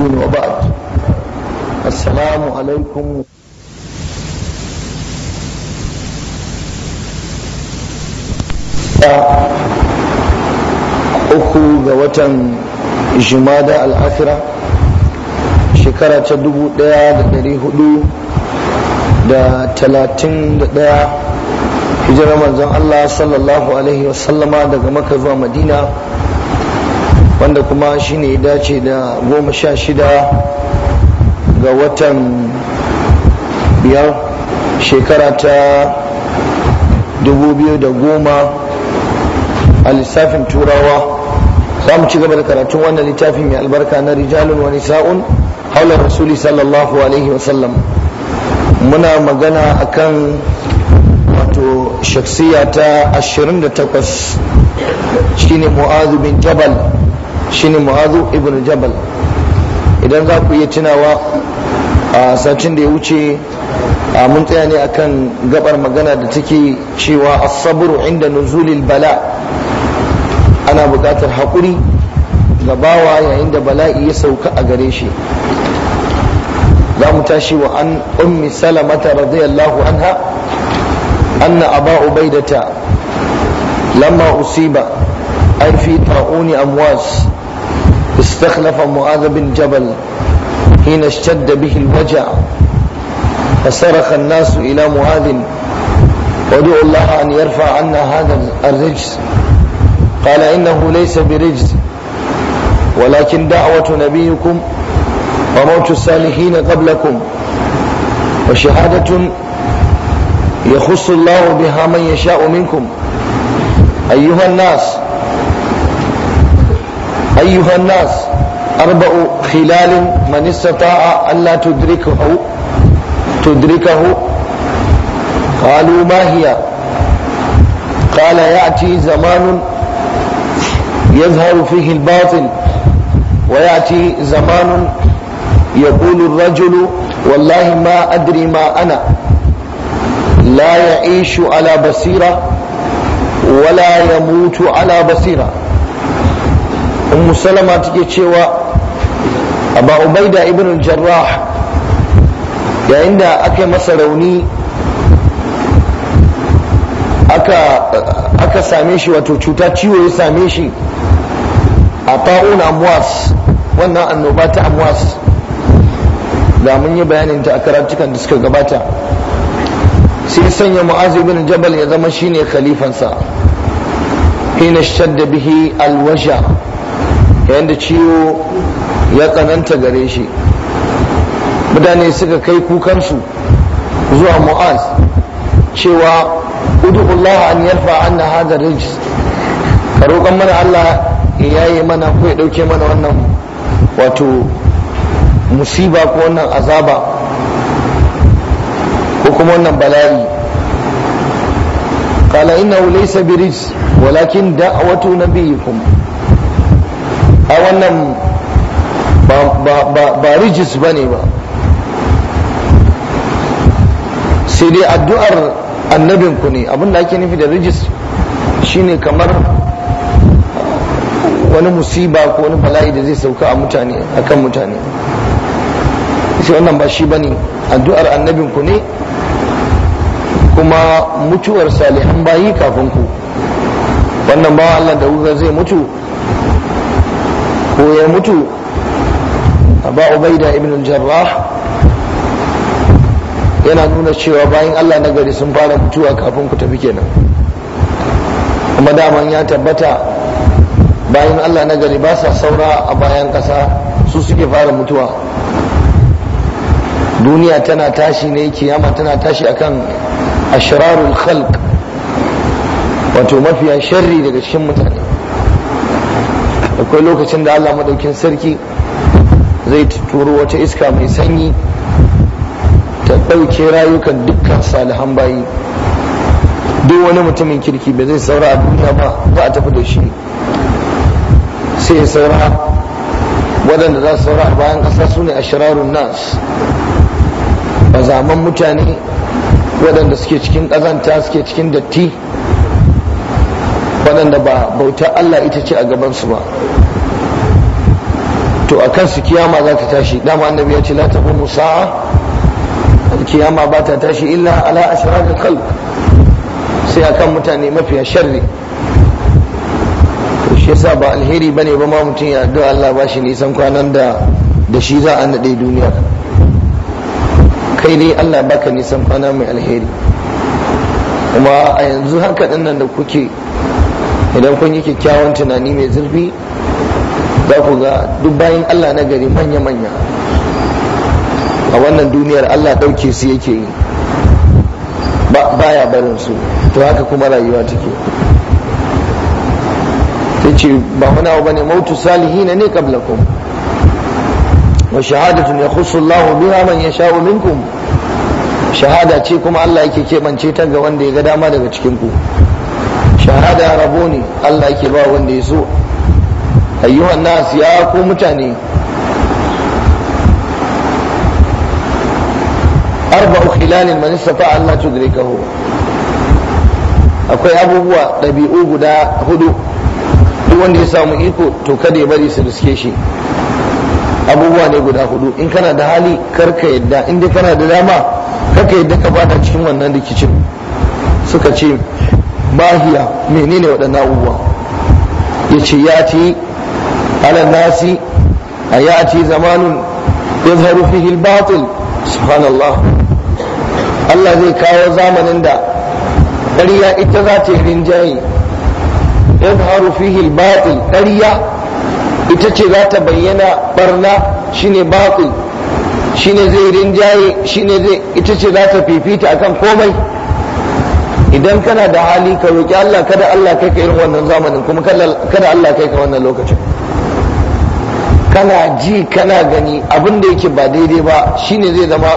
المسلمين وبعد السلام عليكم uku ga watan jimada al'afira shekara ta dubu daya da dari hudu da talatin da daya hijirar manzon Allah sallallahu alaihi wasallama daga maka zuwa madina wanda kuma shine ya dace da goma sha shida ga watan biyar shekara ta dubu biyu da goma a lissafin turawa za mu ci gaba da karatun wannan littafi mai albarka na rijalun wani sa'un haular rasuli sallallahu alaihi wasallam muna magana a kan wato shaksiya ta 28 shine mu'azu bin jabal shine mu'azu ibn jabal idan za ku iya tunawa a satin da ya wuce a mun tsaya ne akan gabar magana da take cewa as-sabru inda nuzulil bala ana buƙatar haƙuri ga bawa yayin da bala'i ya sauka a gare shi za mu tashi wa an ummi salamata radiyallahu anha anna aba ubaidata lamma usiba ai fi ta'uni amwas استخلف معاذ بن جبل حين اشتد به الوجع فصرخ الناس إلى معاذ وادعوا الله أن يرفع عنا هذا الرجز قال إنه ليس برجز ولكن دعوة نبيكم وموت الصالحين قبلكم وشهادة يخص الله بها من يشاء منكم أيها الناس أيها الناس أربع خلال من استطاع ألا تدركه تدركه قالوا ما هي قال يأتي زمان يظهر فيه الباطل ويأتي زمان يقول الرجل والله ما أدري ما أنا لا يعيش على بصيرة ولا يموت على بصيره ummu salama take cewa aba da ibin jarrah yayin da aka masa rauni aka same shi wato cuta ciwo ya same shi a ta'un amwas wannan annoba ta amwas da mun yi bayanin ta a karatukan da suka gabata sai sanya mu'azu ibn jabal ya zama shine khalifansa hina shadda bihi alwaja yadda ciwo ya tsananta gare shi mutane suka kai kukansu zuwa mu'az cewa udullah an yarfa na hadha rijis ka roƙon mana Allah ya yaye mana ko ya ɗauke mana wannan wato musiba ko wannan azaba ko kuma wannan bala'i walakin da a برجس na biyu kuma. a wannan ba rijis ba ne ba sai dai addu'ar annabinku ne abinda ake nufi da rijis shine kamar wani musiba ko wani bala'i da zai sauka a mutane akan mutane sai wannan ba shi ba ne addu'ar annabinku ne kuma mutuwar salihan bayi kafin ku wannan bawa Allah da kuka zai mutu ko ya mutu ba ubaida ibn jarrah yana nuna cewa bayan allah na gari sun fara mutuwa kafin ku tafi kenan kuma daman ya tabbata bayan allah na gari ba sa saura a bayan kasa, su suke fara mutuwa duniya tana tashi ne kiyama tana tashi akan ashrarul khalq wato mafiya sharri daga cikin mutane akwai lokacin da Allah madaukin sarki zai turo wata iska mai sanyi ta ɗauke rayukan dukkan salihan bayi duk wani mutumin kirki ba zai saura a duniya ba ba a tafi da shi sai ya saura waɗanda za su saura bayan ƙasa su ne a shirarun nas ba zaman mutane waɗanda suke cikin ƙazanta suke cikin datti waɗanda ba bauta Allah ita ce a gabansu ba to a kansu kiyama za ta tashi dama annabi ya ce la ta kuma sa'a kiyama ba ta tashi illa ala ashrarul qalb sai akan mutane mafiya sharri to shi yasa ba alheri bane ba ma mutum ya addu'a Allah ba shi nisan kwanan da da shi za a nade duniya kai dai Allah baka nisan kwana mai alheri kuma a yanzu haka nan da kuke idan kun yi kyakkyawan tunani mai zurfi za ku ga duk bayan allah na gari manya-manya a wannan duniyar allah ɗauke su yake yi baya barin su to haka kuma rayuwa take ta ce ba muna wa bane mautu Salihi na ne kun wa shahadatun ya Allahu biha man sha minkum shahada ce kuma Allah yake keɓance ta ga wanda ya ga dama daga cikin ku shahada rabo ne Allah yake ba wanda ya so ayyuhan nas ya ku mutane arba'u khilalin man istata Allah tudrikahu akwai abubuwa ɗabi'u guda hudu duk wanda ya samu iko to kada ya bari su riske shi abubuwa ne guda hudu in kana da hali karka yadda in dai kana da dama karka yadda ka bada cikin wannan rikicin suka ce mahiya menene waɗannan abubuwa ya ce ya ce ala nasi a ya ce zamanin yadharu fihi al-batil subhanallah Allah zai kawo zamanin da ƙarya ita za ta yi rinjaye yadharu fihi al-batil ƙarya ita ce za ta bayyana barna shine batil shine zai rinjaye shine zai ita ce za ta fifita akan komai idan kana da hali ka roƙi Allah kada Allah kai ka irin wannan zamanin kuma kada Allah kai ka wannan lokacin kana ji kana gani abin da yake ba daidai ba shine zai zama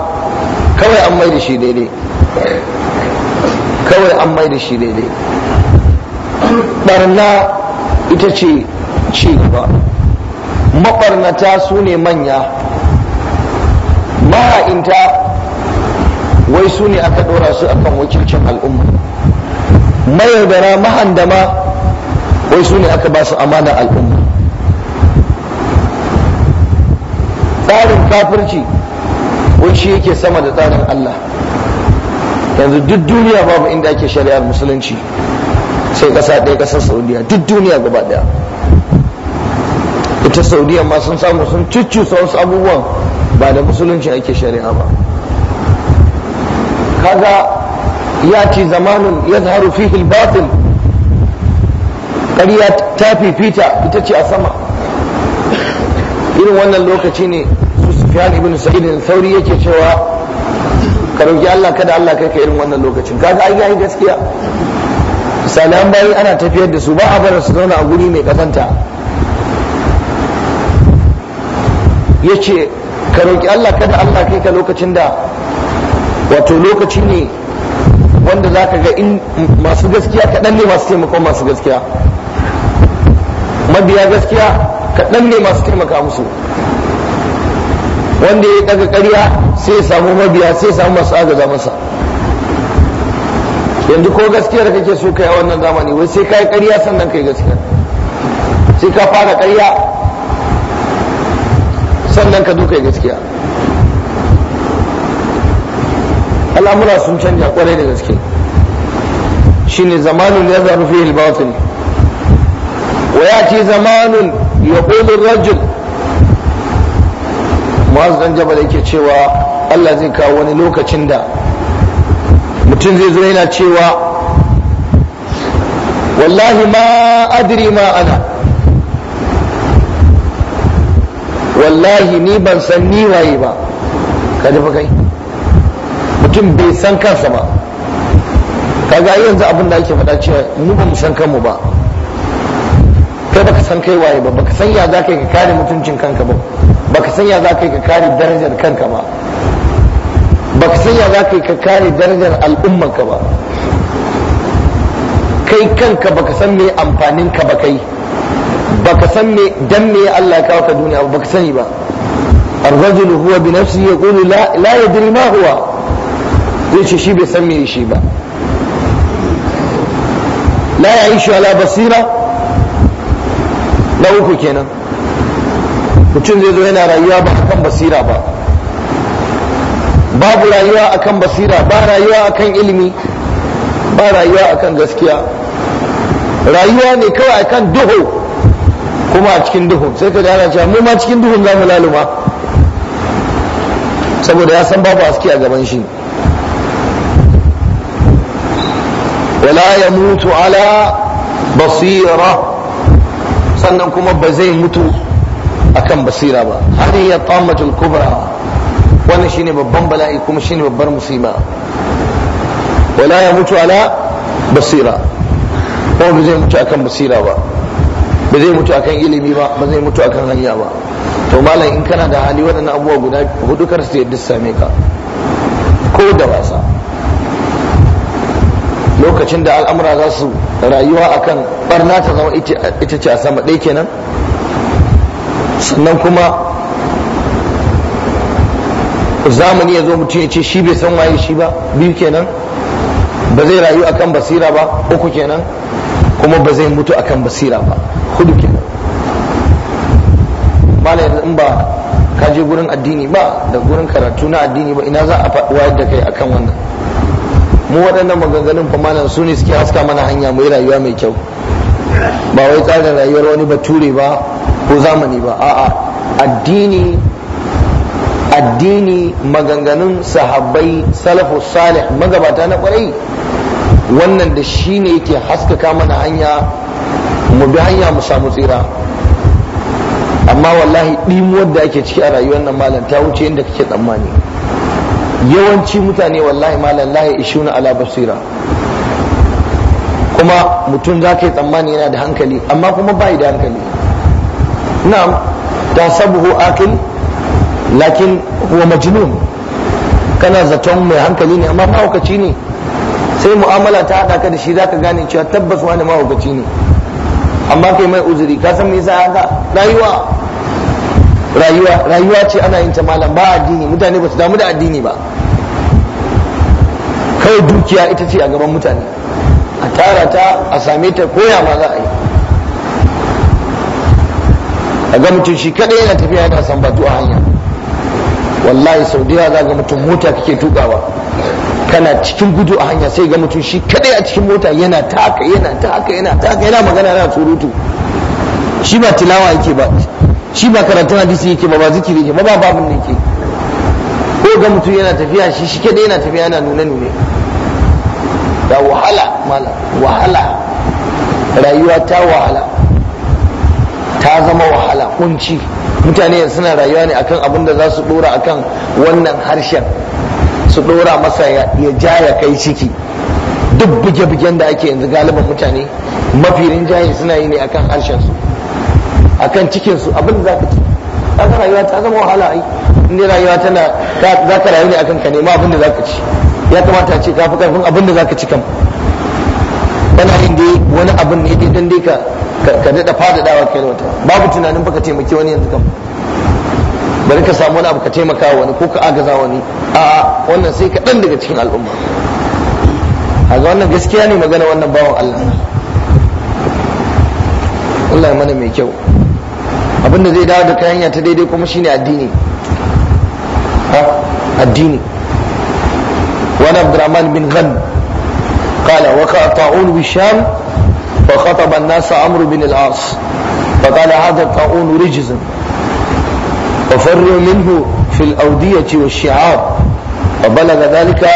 kawai an mai da shi daidai kawai an mai da shi daidai barna ita ce ci gaba maɓarnata su ne manya maha'inta wai su ne aka ɗora su akan wakilcin al'umma mayaudara mahandama wai su ne aka ba su amana al'umma tsarin kafirci wai shi yake sama da tsarin Allah yanzu duk duniya babu inda ake shari'ar musulunci sai kasa ɗaya ƙasar saudiya duk duniya gaba ɗaya ita saudiya ma sun samu sun cuccusa wasu abubuwan ba da musulunci ake shari'a ba kaga yati zamanun yadhharu fihi al-batil ƙarya ta fifita ita ce a sama irin wannan lokaci ne su sufyan ibn sa'id sauri yake cewa ka roki Allah kada Allah kai ka irin wannan lokacin kaga ai yayi gaskiya sanan bayi ana tafiyar da su ba a bar su zauna a guri mai kazanta yace ka roki Allah kada Allah kai ka lokacin da wato lokaci ne wanda za ka ga in masu gaskiya kaɗan ne masu taimakon masu gaskiya mabiya gaskiya kaɗan ne masu taimaka musu wanda ya daga ƙarya sai ya samu mabiya sai ya samu masu agaza masa yanzu ko gaskiya da kake so kai a wannan zamani wai sai kai ƙarya sannan kai gaskiya sai ka fara ƙarya sannan ka zo kai gaskiya al'amura sun canja kwarai da gaske shine zamanun ya zaru fihi al-batil wa zamanun ya ar-rajul Mu'az dan Jabal yake cewa Allah zai kawo wani lokacin da mutum zai zo yana cewa wallahi ma adri ma ana wallahi ni ban san ni waye ba ka kai mutum bai san kansa ba kaga yanzu abin da ake faɗa cewa mu ba mu san kanmu ba kai baka san kai waye ba baka san ya za ka ka kare mutuncin kanka ba baka san ya za ka ka kare darajar kanka ba baka san ya za ka ka kare darajar al'ummarka ba kai kanka baka san me amfanin ka ba kai baka san me dan me Allah ya kawo ka duniya ba baka sani ba الرجل هو بنفسه يقول لا لا يدري ما هو zai ce shi bai san me shi ba la ya ala basira na uku kenan mutum zai zo yana rayuwa ba akan basira ba babu rayuwa akan basira ba rayuwa akan ilimi ba rayuwa akan gaskiya rayuwa ne kawai akan duhu kuma a cikin duhu sai ka ana cewa mu ma cikin duhun za mu laluma saboda ya san babu haske a gaban shi wala mutu ala basira sannan kuma ba zai mutu akan basira ba hadi ya tamatul kubra wannan shine babban bala'i kuma shine babbar musiba wala mutu ala basira kuma ba zai mutu akan basira ba ba zai mutu akan ilimi ba ba zai mutu akan hanya ba to malam in kana da hali waɗannan abubuwa guda hudu kar su yadda same ka ko da wasa lokacin da al'amura za su rayuwa akan barna ta zama ita ce a sama ɗaya kenan sannan kuma zamani ya zo mutum ya ce shi bai san waye shi ba biyu kenan ba zai rayu akan basira ba uku kenan kuma ba zai mutu akan basira ba hudu kenan mala yanzu in ba ka je gurin addini ba da gurin karatu na addini ba ina za a wayar da kai akan wannan mu waɗannan maganganun fa malam su ne suke haska mana hanya mu yi rayuwa mai kyau ba wai tsarin rayuwar wani bature ba ko zamani ba a'a addini addini maganganun sahabbai salafu salih magabata na kwarai wannan da shi ne yake haskaka mana hanya mu bi hanya mu samu tsira amma wallahi ɗimuwar da ake ciki a rayuwar nan malam ta wuce inda kake tsammani yawanci mutane wallahi malam lahi ishuna ala basira kuma mutum za ka yi tsammani yana da hankali amma kuma yi da hankali ta tasabuhu akil lakin huwa majnun kana zaton mai hankali ne amma mahaukaci ne sai mu'amala ta haɗa ka da shi ka gane cewa tabbas wani mahaukaci ne amma kai mai uzuri ka san me yasa haka rayuwa rayuwa rayuwa ce ana yin ta malam ba addini mutane ba su damu da addini ba kawai dukiya ita ce a gaban mutane a tara ta a same ta koya ma za a yi a ga mutum shi kadai yana tafiya yana sambatu a hanya wallahi sau da yawa ga mutum mota kake tukawa kana cikin gudu a hanya sai ga mutum shi kadai a cikin mota yana ta haka yana ta haka yana taka yana magana yana surutu shi ba tilawa yake ba shi ba karatun hadisi yake ba ba zikiri yake ba ba babin ne yake ko ga mutum yana tafiya shi shi kadai yana tafiya yana nuna nune da wahala mala wahala rayuwa ta wahala ta zama wahala kunci mutane yanzu suna rayuwa ne akan abin da za su dora akan wannan harshen su dora masa ya ja ya kai ciki duk buge-bugen da ake yanzu galiban mutane mafi rinjaye suna yi ne akan harshen su akan cikin su abin da zaka ci kaga rayuwa ta zama wahala ai inda rayuwa tana ka rayu ne akan ka nema abin da zaka ci ya kamata a ce ka fi karfin abin da zaka ci kam kana yin dai wani abin ne dai dan dai ka ka daɗa fadadawa kai wata babu tunanin baka taimaki wani yanzu kam bari ka samu wani abu ka taimaka wani ko ka agaza wani a wannan sai kaɗan daga cikin al'umma a ga wannan gaskiya ne magana wannan bawan Allah Allah ya mana mai kyau abinda zai dawo da kai hanya ta daidai kuma shine addini addini wani abdurrahman bin ghan kala wa ka ta'un wisham fa khataba an-nas amru bin al-as fa qala hadha ta'un rijzan farru minhu fi rijz وفروا منه في الأودية والشعار وبلغ ذلك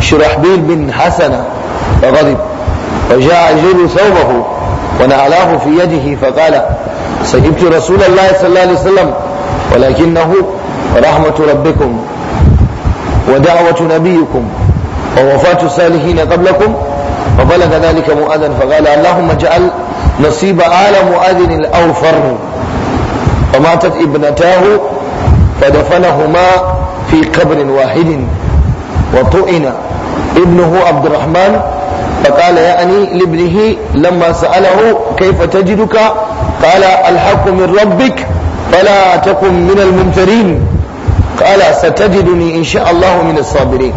شرحبيل بن حسنة فغضب وجاء يجر ثوبه ونعلاه في يده فقال سجبت رسول الله صلى الله عليه وسلم ولكنه رحمة ربكم ودعوة نبيكم ووفاة الصالحين قبلكم فبلغ ذلك مؤذن فقال اللهم اجعل نصيب آل مؤذن الأوفر فماتت ابنتاه فدفنهما في قبر واحد وطئن ابنه عبد الرحمن فقال يعني لابنه لما سأله كيف تجدك قال الحق من ربك فلا تكن من الممترين قال ستجدني إن شاء الله من الصابرين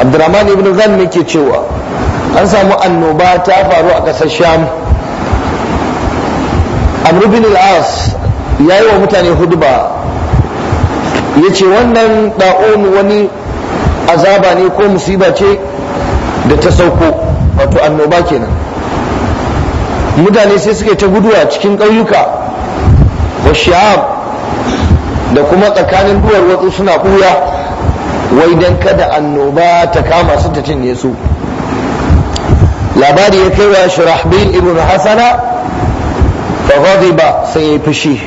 عبد الرحمن بن غنم كتشوى an samu annoba ta faru a ƙasar sham amru bin al ya yi wa mutane hudba ya ce wannan ɗa'on wani azaba ne ko musiba ce da ta sauko wato annoba kenan mutane sai suka yi ta guduwa cikin ƙauyuka wa sha'ab da kuma tsakanin duwar watsu suna ɓuya wai don kada annoba ta kama su ta cinye su labari ya kai wa shirahbin ibn hasana fa ba sai ya fushi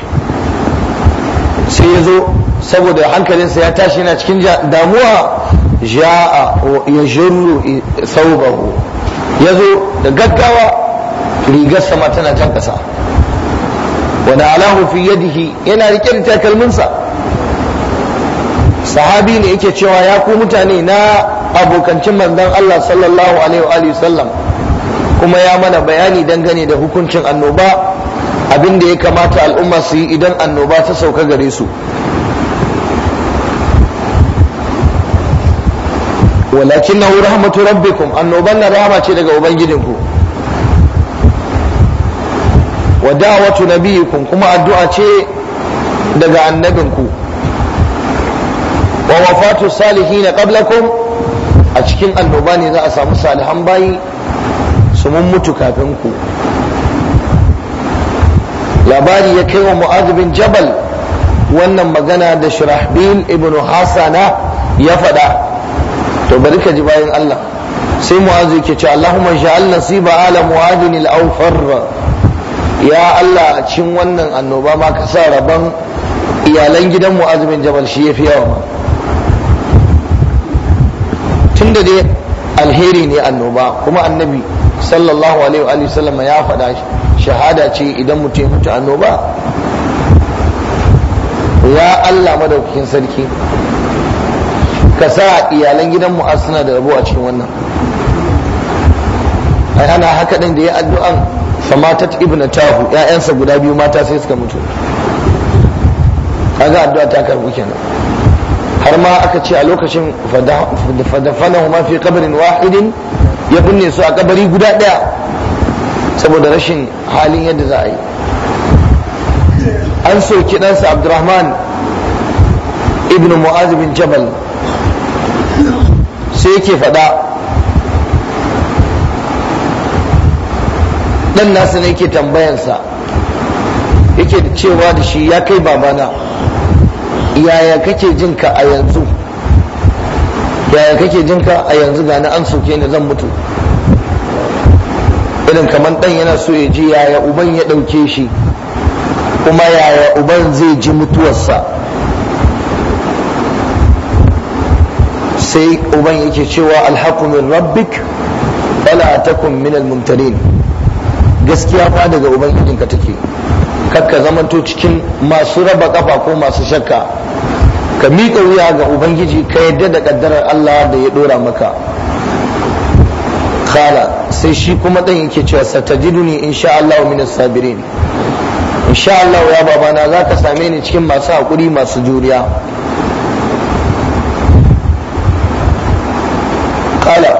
sai ya zo saboda hankalinsa ya tashi yana cikin damuwa ja'a ya jirru saubahu ya zo da gaggawa rigar sama tana can kasa wani alahu fi yadihi yana rike da takalminsa sahabi ne yake cewa ya ku mutane na abokancin manzon Allah sallallahu alaihi wa sallam kuma ya mana bayani dangane da hukuncin annoba abin da ya kamata al'umma su yi idan annoba ta sauka gare su walakin na rahmatu rabbikum annoban na rahama ce daga ubangijinku wa da'watu nabiyikum kuma addu'a ce daga annabinku wa wafatu salihin qablakum a cikin annoba ne za a samu salihan bayi su mun mutu kafin ku labari ya kai wa mu'adh bin jabal wannan magana da shirahbil ibn hasana ya faɗa to bari ka ji bayan Allah sai mu'adh yake ce Allahumma ja'al nasiba ala mu'adhin al-awfar ya Allah a cin wannan annoba ma ka sa rabon iyalan gidan mu'azumin jabal shi ya fi yawa ma tun da dai alheri ne annoba kuma annabi sallallahu alaihi wa sallama ya fada shahada ce idan mutum ya mutu annoba ya Allah madaukakin sarki ka sa iyalan gidan mu'az da rabo a cikin wannan ai ana haka ɗin da ya addu'an famatat ibnatahu ƴaƴansa guda biyu mata sai suka mutu kaga addu'a ta karbu kenan har ma aka ce a lokacin fadafanahu ma fi qabrin wahidin ya binne su a kabari guda daya saboda rashin halin yadda za a yi an soki ɗansa abdurrahman ibn mu'az bin jabal sai yake faɗa dan nasu ne yake tambayansa yake cewa da shi ya kai babana yaya kake jinka a yanzu yaya kake jinka a yanzu ga an soke ni zan mutu irin kamar dan yana so ya ji yaya uban ya ɗauke shi kuma yaya uban zai ji mutuwarsa sai uban yake cewa alhaqu min rabbik fala takun min gaskiya fa daga ubangijinka take kakka zamanto cikin masu raba kafa ko masu shakka ka miƙa wuya ga ubangiji ka yadda da ƙaddarar Allah da ya ɗora maka kala sai shi kuma ɗan yake cewa satajiduni sha Allah min sabirin in sha Allah ya babana za ka same ni cikin masu haƙuri masu juriya kala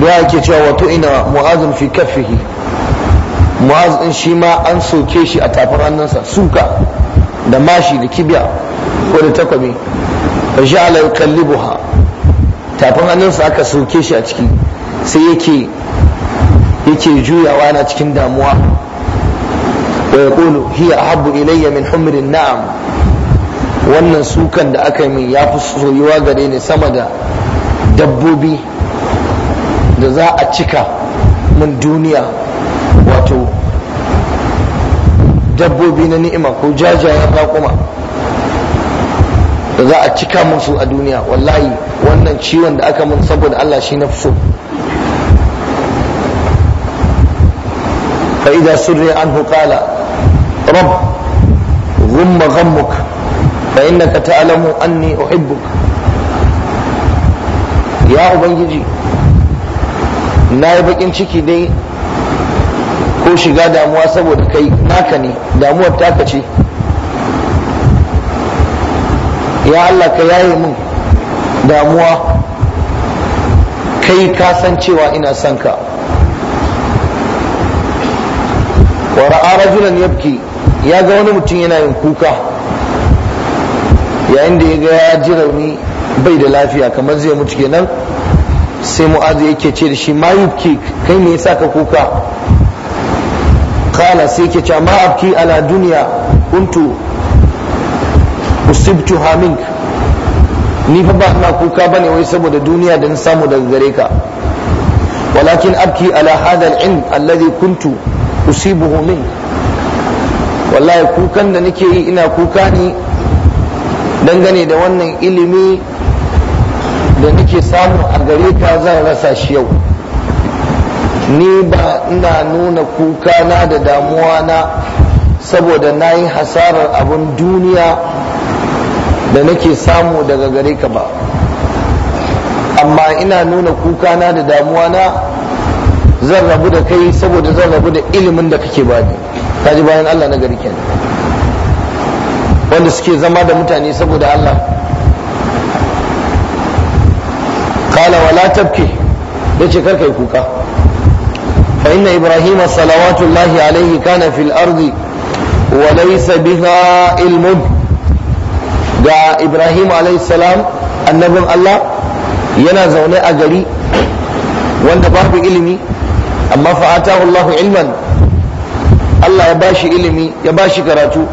ruwa yake cewa wato ina mu'azin fi kafihi mu'az din shi ma an soke shi a tafin hannunsa suka da mashi da kibiya ko da takwabi ala kalli buha. tafin hannunsa aka soke shi a ciki sai yake yake juyawa na cikin damuwa wa kulu hiya Habu ilayya min humrin na'am wannan sukan da aka yi min ya fi soyuwa gare ni sama da dabbobi da za a cika mun duniya wato dabbobi na ni'ima ko jajayen raƙuma da za a cika musu a duniya wallahi wannan ciwon da aka mun saboda Allah shi na so fa idza surri anhu qala rabb ghumma ghammuk fa innaka ta'lamu anni uhibbuk ya ubangiji na yi bakin ciki dai ko shiga damuwa saboda kai naka ne damuwar taka ce ya Allah ka yaye mun damuwa kai ka san cewa ina son ka wa ra'a rajulan yabki ya ga wani mutum yana yin kuka yayin da ya ga ya ji rauni bai da lafiya kamar zai mutu kenan sai mu'azu yake ce da shi ma kai me yasa ka kuka kala sai ke ce ma abki ala duniya kuntu usibtu hamink ni fa ba ina kuka bane wai saboda duniya da na samu daga gare ka walakin abki ala hada al-ilm alladhi kuntu usibuhu min wallahi kukan da nake yi ina kuka ne dangane da wannan ilimi da nake samu a gare ka zan rasa shi yau ni ba ina nuna kuka na da damuwa na saboda na yi hasarar abin duniya da nake samu daga gare ka ba amma ina nuna kuka na da damuwa na zan rabu da kai saboda zan rabu da ilimin da kake bani kaji bayan Allah na gari kenan wanda suke zama da mutane saboda Allah kala wala tabki yace karka yi kuka فإن إبراهيم صلوات الله عليه كان في الأرض وليس بها علم دا إبراهيم عليه السلام النبي الله yana zaune a gari wanda babu ilimi amma fa'atahu Allah ilman Allah ya bashi ilimi ya bashi karatu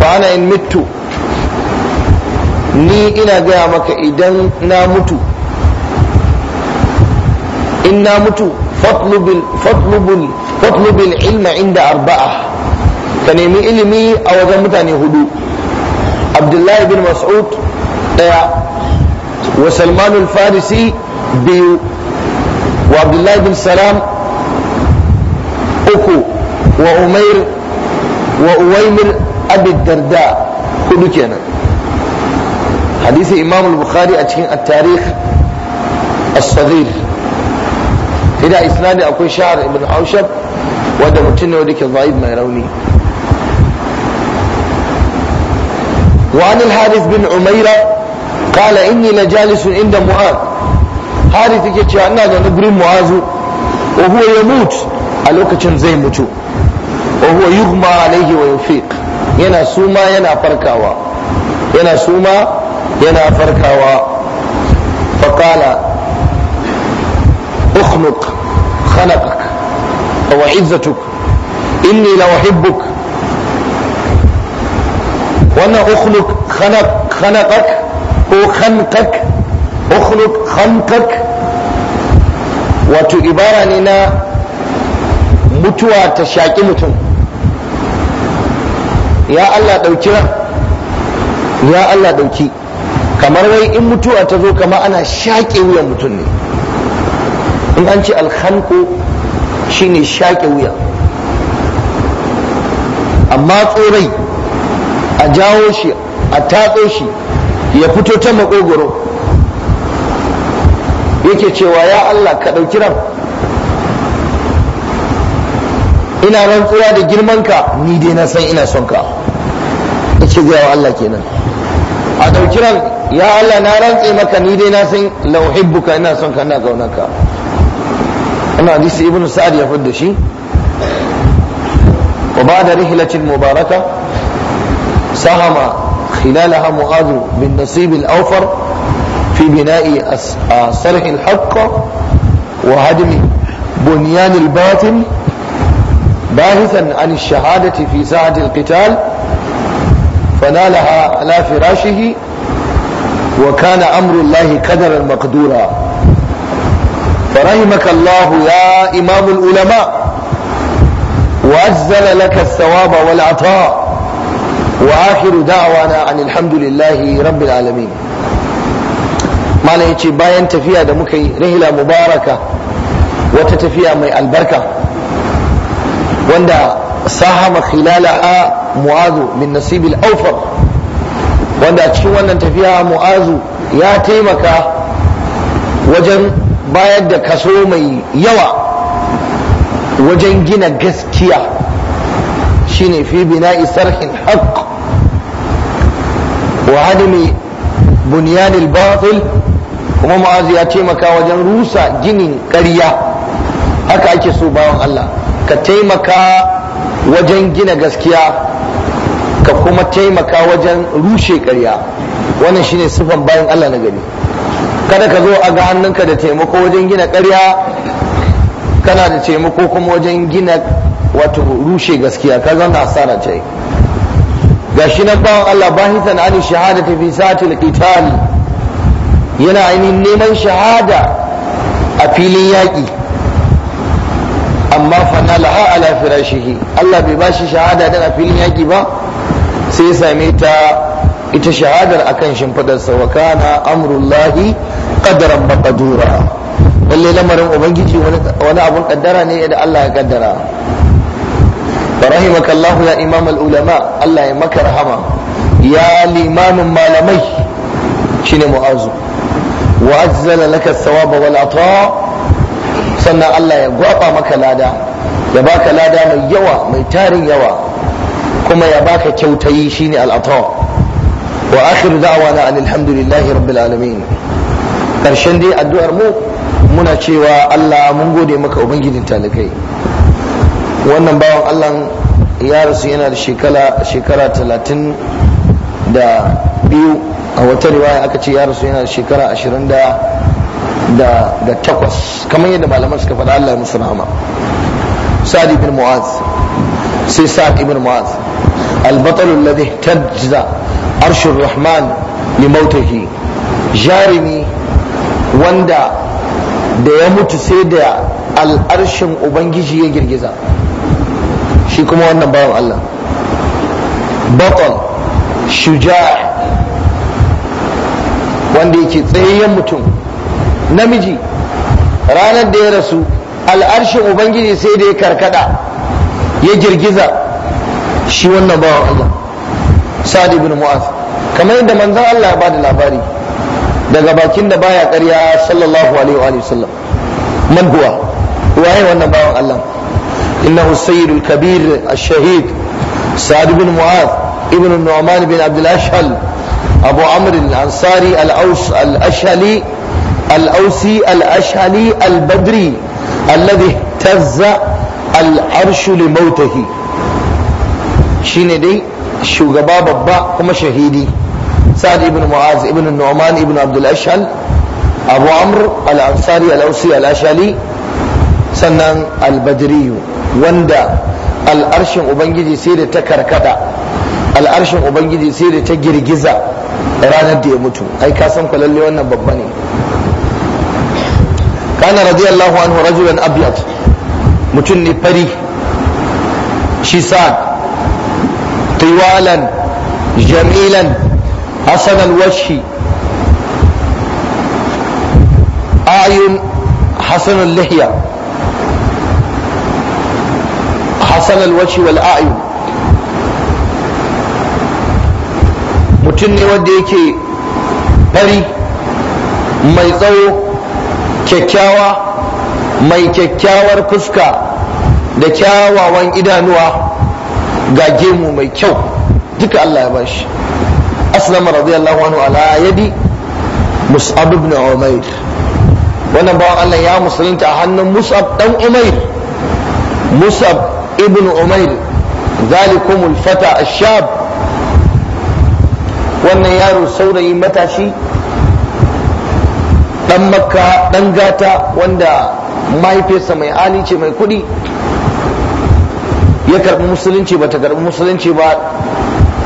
fa ana in mitu ni ina gaya maka idan na mutu in na mutu فاطلب فاطلب فاطلب العلم عند أربعة تنمي علمي أو زمتني هدوء عبد الله بن مسعود آه، وسلمان الفارسي بيو وعبد الله بن سلام أكو وعمير وأويمر أبي الدرداء كله كنا حديث إمام البخاري أتكين التاريخ الصغير ida isnadi akwai shahar ibn haushab wanda mutum ne wanda ke zaib mai rauni وعن الحارث بن عميرة قال إني لجالس عند معاذ حارث يكي أنا نبري معاذ وهو يموت ألوكة زي متو وهو يغمى عليه ويفيق ينا سوما ينا فركاوا ينا سوما ينا فركاوا فقال اخنق خلقك وعزتك إني لأحبك وأنا أخلق خلق خلقك وخنقك أخلق خنقك mutuwa ta متوى mutum ya Allah ɗauki ran ya Allah ɗauki kamar wai in mutuwa ta zo kama ana shaƙe wuyan mutum ne in an ce alhanko shine shaƙe wuya amma tsorai a jawo shi a tatso shi ya fito ta makogoro yake cewa ya Allah ka ɗauki ran ina rantsuwa da girmanka ni dai na san ina son ka ya ce wa Allah kenan a ɗauki ran ya Allah na rantse maka ni dai na san lauhibbuka ina son ka ina ka wannan hadisi ibnu sa'ad ya fudda shi wa ba'da rihlatin mubaraka sahama khilalaha mu'adh bin nasib al-awfar fi bina'i sarh al-haqq wa hadm bunyan al-batin باحثا عن الشهادة في ساعة القتال فنالها على فراشه وكان أمر الله قدرا مقدورا فرحمك الله يا إمام العلماء وأجزل لك الثواب والعطاء وآخر دعوانا أن الحمد لله رب العالمين ما نيجي باين تفيا دمكي رحلة مباركة وتتفيا مي البركة وندا ساهم خلالها معاذ من نصيب الأوفر وندا تشوانا تفيا معاذ يا تيمكا وجن bayar da kaso mai yawa wajen gina gaskiya shine fi bina'i sarhin haqq wa mai bunyanil batil kuma ma'azu ya taimaka wajen rusa ginin ƙarya haka ake so bawan Allah ka taimaka wajen gina gaskiya ka kuma taimaka wajen rushe ƙarya wannan shine sifan bayan Allah na gari kada ka zo a ga hannunka da taimako wajen gina ƙarya kana da taimako kuma wajen gina wato rushe gaskiya ka zama asara ce Ga shi na bawan Allah bahitan shahada ta fi sa'atil Itali. yana ainihin neman shahada a filin yaƙi amma Fana la'a ala firashihi Allah bai ba shi shahada dan a filin yaƙi ba sai ya same ta ita shahadar akan shimfidarsa wa kana amrullahi qadaran maqdura lalle lamarin ubangiji wani abun kaddara ne da Allah ya kaddara rahimaka Allah ya imam ulama Allah ya maka rahama ya limamin malamai shine mu'azu wa azzala laka thawaba wal sannan Allah ya gwaba maka lada ya baka lada mai yawa mai tarin yawa kuma ya baka kyautayi shine al ata wa akhir da'wana an alhamdulillahi rabbil alamin karshen dai addu'ar mu muna cewa Allah mun gode maka ubangijin talakai wannan bawan Allah ya rasu yana da shekara talatin da biyu a wata riwaya aka ce ya rasu yana da shekara ashirin da takwas kamar yadda malaman suka faɗa Allah ya musu sa'ad ibn mu'az sai sa'ad ibn mu'az al-batal alladhi tajza arshin rahman limautahi jarumi wanda da ya mutu sai da al'arshin ubangiji ya girgiza shi kuma wannan bawan Allah batal shuja' wanda yake tsayayyen mutum namiji ranar da ya rasu al'arshin ubangiji sai da ya karkada ya girgiza shi wannan bawan Allah sa'ad ibn mu'az kamar yadda manzon Allah ya bada labari daga bakin da baya ƙarya sallallahu alaihi wa sallam man huwa waye wannan bawan Allah innahu sayyidul kabir ash-shahid sa'ad ibn mu'az ibn nu'man bin abd al-ashhal abu amr al-ansari al-aus al-ashhali al-ausi al-ashhali al-badri alladhi tazza al-arshu li mautihi shugaba babba kuma shahidi sa'ad ibn mu'az ibn nu'man ibn abdul ashal abu amr al-ansari al-ausi al-ashali sannan al-badriyu wanda al'arshin ubangiji sai da ta karkada al'arshin ubangiji sai da ta girgiza ranar da ya mutu ai ka san kwalalle wannan babba ne kana radiyallahu anhu rajulan abyad mutum ne fari shi sa'ad طوالا جميلا حسن الوجه أعين حسن اللحية حسن الوجه والأعين mutum ne wanda yake fari mai tsawo kyakkyawa mai kyakkyawar fuska da kyawawan idanuwa gage mu mai kyau duka Allah ya bashi aslama radiyallahu anhu ala yadi mus'ab ibn umair wannan bawan Allah ya musulunta a hannun mus'ab dan umair mus'ab ibn umair zalikum al-fata wannan yaro saurayi matashi dan makka dan gata wanda mahaifinsa mai ali ce mai kudi ya karbi musulunci ba ta karbi musulunci ba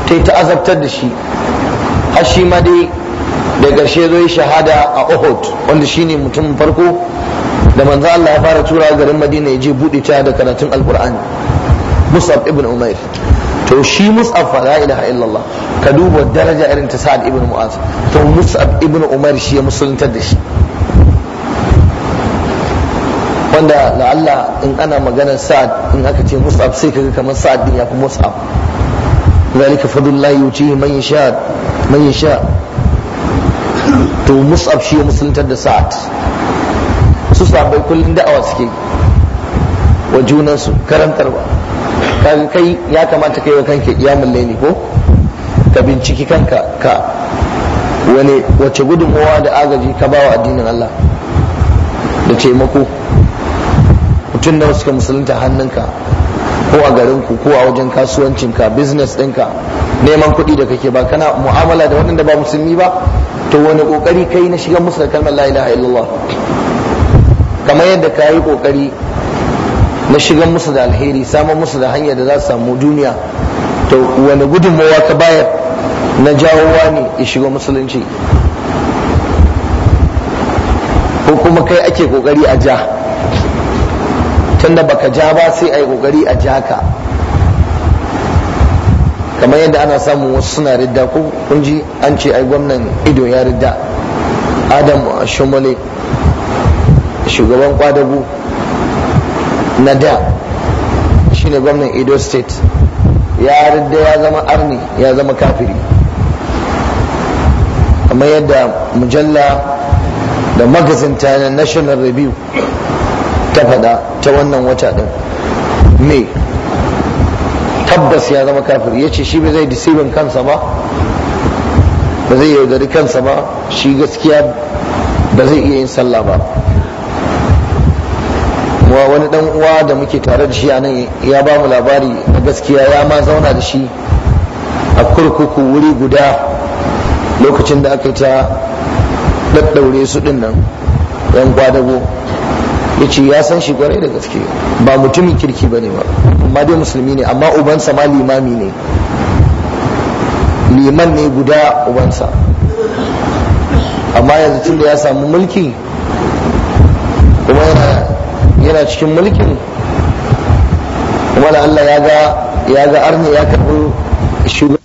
ta yi azabtar da shi har shi ma dai da ƙarshe zo shahada a Uhud wanda shi ne mutumin farko da manzo Allah ya fara tura garin Madina ya je buɗe ta da karatun Alqur'ani Mus'ab ibn Umair to shi Mus'ab fa la ilaha illallah ka duba daraja irin ta Sa'ad ibn Mu'az to Mus'ab ibn Umar shi ya musuluntar da shi wanda Allah in ana maganar sa'ad in aka ce mus'ab sai kaga kamar sa'ad din ya fi mus'ab zalika fadullahi yuti man yasha man yasha to mus'ab shi musuntar da sa'ad su sabai kullun da'awa suke wa junansu karantarwa kaga kai ya kamata kai wa kanka kiyamul layli ko ka binciki kanka ka wani wace gudunmawa da agaji ka bawa addinin Allah da taimako mutum nawa suka musulunta hannunka ko a garinku ko a wajen kasuwancinka business ɗinka neman kuɗi da kake ba kana mu'amala da waɗanda ba musulmi ba to wani kokari kai na shiga musu da kalmar la ilaha illallah kamar yadda ka yi kokari na shiga musu da alheri samun musu da hanyar da za su samu duniya to wani gudunmawa ka bayar na jawowa ne ya shiga musulunci ko kuma kai ake kokari a ja tunda baka ja ba sai ai ƙoƙari kokari a ja ka kamar yadda ana samun wasu suna ridda ko kun ji an ce ai gwamnan ido ya ridda adam shugaban kwadagu na da shine gwamnan edo state ya ridda ya zama arni ya zama kafiri kamar yadda mujalla da magazin ta national review ta faɗa ta wannan wata ɗin me tabbas ya zama kafir ya ce shi ba zai disibin kansa ba ba zai yaudari kansa ba shi gaskiya ba zai iya yin sallah ba wa wani dan uwa da muke tare da shi a nan ya ba mu labari na gaskiya ya ma zauna da shi a kurkuku wuri guda lokacin da aka ta daddaure su dinnan yan kwadago ya ce ya san shi kwarai da gaske ba mutumin kirki ba ne ba amma dai musulmi ne amma ubansa ma limami ne liman ne guda ubansa amma yanzu tun ya samu mulki kuma yana cikin mulkin kuma da Allah ya ga arni ya karbi shugaban